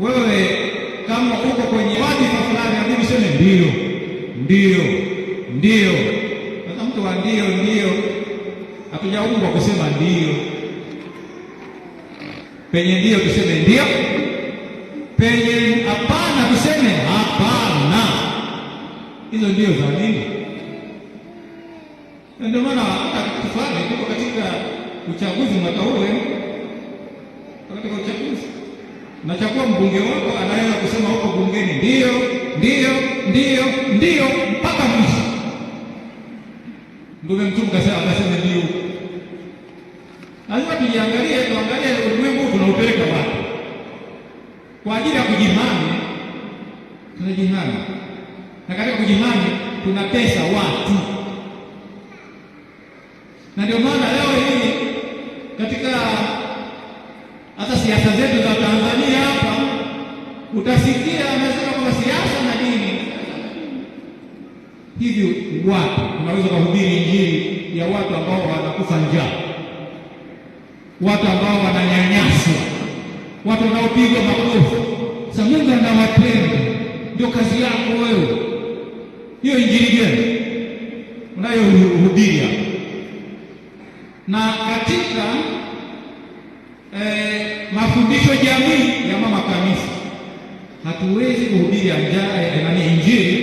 Wewe kama uko kwenye wadhifa fulani, lakini useme ndio, ndio, ndio. Sasa mtu wa ndio ndio, hatujaumbwa kusema ndio. Penye ndio tuseme ndio, penye hapana tuseme hapana. Hizo ndio za nini? Ndio maana hata kitu fulani, tuko katika uchaguzi mwaka huu, eh? katika uchaguzi Nachagua mbunge wako anaweza kusema huko bungeni ndio, ndio, ndio, ndio mpaka mwisho. ndume Mtume kasema akasema ndio. Lazima tujiangalie, tuangalie ulimwengu tunaupeleka wapi. Kwa ajili ya kujihami tunajihami, na katika kujihami tunatesa watu, na ndio maana leo hii katika hata siasa zetu za Tanzania Utasikia amesema kuna siasa na dini. Hivyo wapi unaweza kuhubiri injili ya watu ambao wanakufa njaa, watu ambao wananyanyaswa, watu wanaopigwa makofi? Sasa Mungu anawapenda, ndio kazi yako wewe. Hiyo injili gani unayohubiri hapo? Na katika eh, mafundisho jamii ya mama kanisa Hatuwezi kuhubiri amani Injili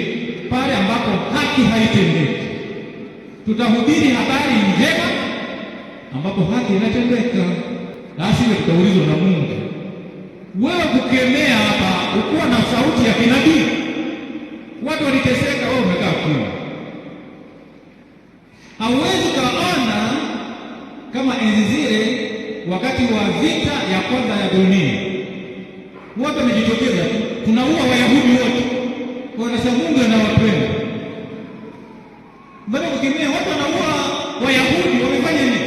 pale ambapo haki haitendeki. Tutahubiri habari njema ambapo haki inatendeka, lazima tutaulizwa na Mungu. Wewe kukemea hapa ukuwa na sauti ya kinabii. Watu waliteseka, wewe umekaa kimya. Hauwezi kaona kama enzi zile wakati wa vita ya kwanza ya dunia watu wamejitokeza tunaua Wayahudi wote, kwa nasema Mungu anawapenda. Mbona kukemea watu wanaua Wayahudi? Wamefanya nini?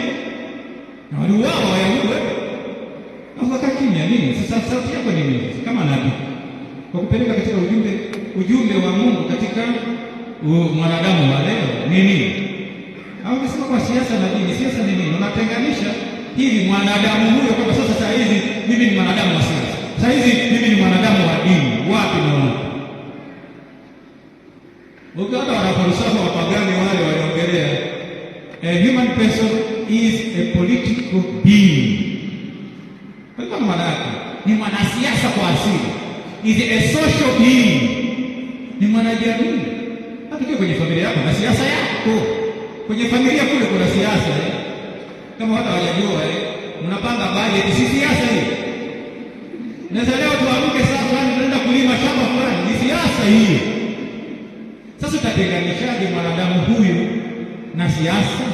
Na waliuawa Wayahudi wote, nakaa kimya nini? Sasa sauti yako ni nini kama nabii, kwa kupeleka katika ujumbe ujumbe wa Mungu katika mwanadamu wa leo ni nini? Au unasema kwa siasa na dini? Siasa ni nini? Unatenganisha hivi mwanadamu huyo, kwamba sasa saa hizi mimi ni mwanadamu wa siasa sasa hizi mimi ni mwanadamu wa dini, wapi na wapi? ukiona wanafalsafa wapagani wale waliongelea, a human person is a political being, kwa maana yake ni mwanasiasa kwa asili, is a social being, ni mwanajamii. Hatukiwa kwenye familia yako na siasa yako, kwenye familia kule kuna siasa eh? kama hata hawajajua eh? mnapanga bajeti, si siasa hii Naweza leo tuamke fulani tunaenda kulima shamba fulani, ni siasa hiyo. Sasa utatenganishaje mwanadamu huyu na siasa?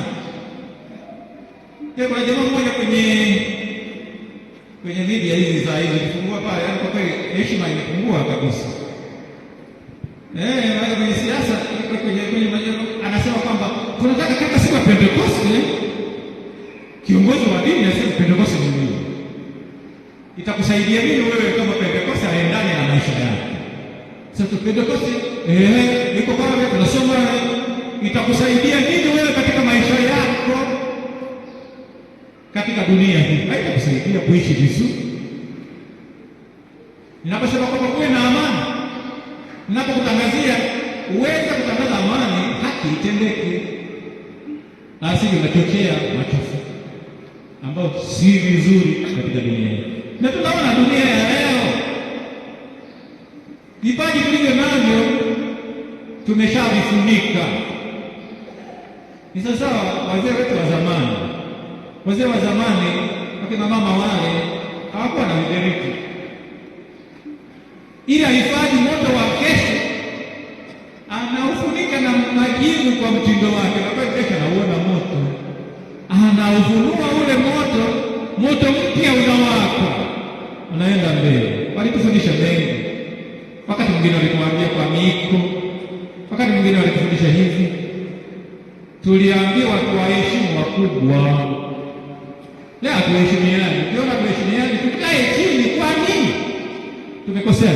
Kuna jamaa mmoja kwenye kwenye media hizi saa hizi pale, yaani kwa kweli heshima imepungua kabisa. Eh, kwenye siasa kwenye kwenye anasema kwamba tunataka kata siku ya eh, kiongozi wa dini aseme ni nini? itakusaidia nini wewe kama Pentekoste aendane na maisha yako? Sasa Pentekoste eh, niko pale tunasoma, itakusaidia nini wewe katika maisha yako katika dunia hii? Haitakusaidia kuishi vizuri. Ninaposema kwamba kuwe na amani, ninapokutangazia uweze kutangaza amani, haki itendeke, asije unachochea machafuko ambayo si vizuri katika dunia hii na tunaona dunia ya leo, vipaji tulivyo navyo tumeshavifunika. Ni sawasawa wazee wetu wa zamani. Wazee wa zamani, wakina mama wale, hawakuwa na viberiti, ili hifadhi moto wa kesho anaufunika na majivu kwa mtindo wake, na kesho anauona moto, anaufunua ule moto, moto mpya unawaka walitufundisha mengi, wakati mwingine walituambia kwa miko, wakati mwingine walitufundisha hivi. Tuliambiwa tuwaheshimu wakubwa, leo hatuheshimiani, ukiona tuheshimiani, tukae chini. Kwa nini? Tumekosea.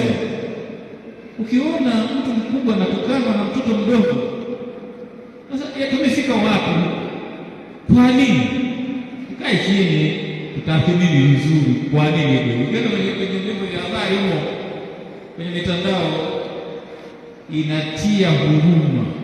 Ukiona mtu mkubwa anatukana na mtoto mdogo, sasa tumefika wapi? Kwa nini? tathmini nzuri. Kwa nini hiyo? Ukienda kwenye vyombo vya habari huko kwenye mitandao, inatia huruma.